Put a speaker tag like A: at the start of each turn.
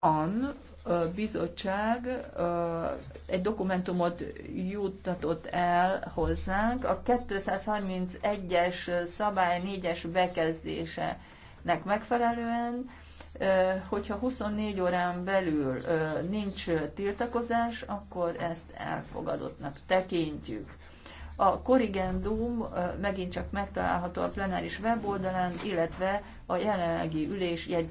A: An bizottság egy dokumentumot juttatott el hozzánk. A 231-es szabály 4-es bekezdésenek megfelelően, hogyha 24 órán belül nincs tiltakozás, akkor ezt elfogadottnak tekintjük. A korrigendum megint csak megtalálható a plenáris weboldalán, illetve a jelenlegi ülés jegyző